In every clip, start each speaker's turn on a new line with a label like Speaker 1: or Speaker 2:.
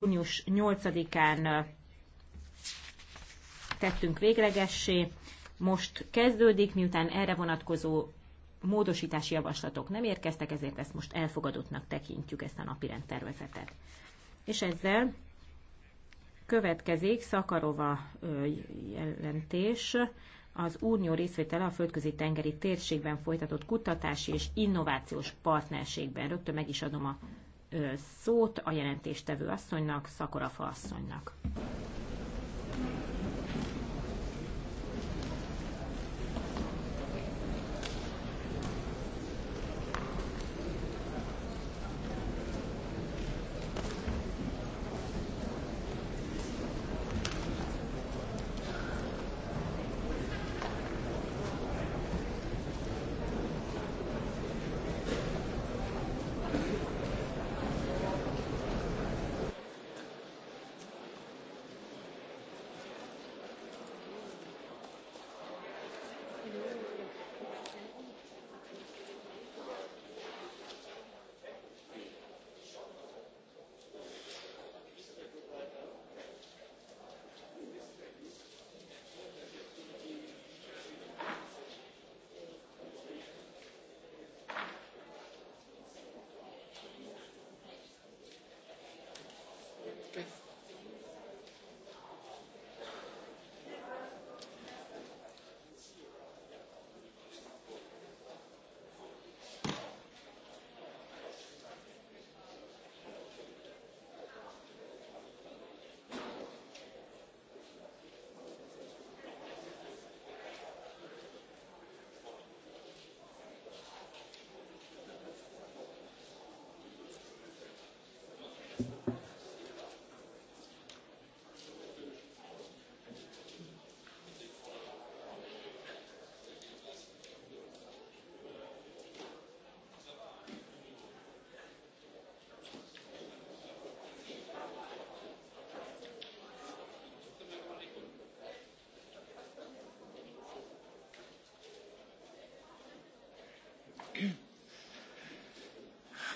Speaker 1: június 8-án tettünk véglegessé. Most kezdődik, miután erre vonatkozó módosítási javaslatok nem érkeztek, ezért ezt most elfogadottnak tekintjük ezt a napi rendtervezetet. És ezzel következik Szakarova jelentés, az Unió részvétele a földközi tengeri térségben folytatott kutatási és innovációs partnerségben. Rögtön meg is adom a szót a jelentéstevő asszonynak, Szakorafa asszonynak.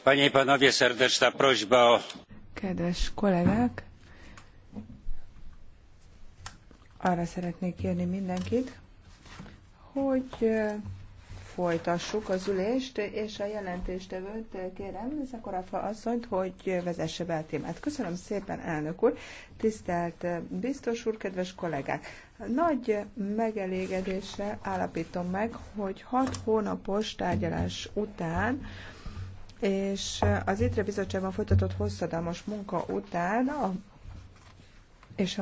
Speaker 2: Panie i panowie, serdeczna prośba o...
Speaker 3: Kedves kollégák, arra szeretnék kérni mindenkit,
Speaker 4: hogy folytassuk az ülést, és a jelentéstevőt kérem, Zakorafa asszonyt, hogy vezesse be a témát. Köszönöm szépen, elnök úr, tisztelt biztos úr, kedves kollégák! Nagy megelégedéssel állapítom meg, hogy hat hónapos tárgyalás után és eh, az ITRE bizottságban folytatott hosszadalmas munka után a, és a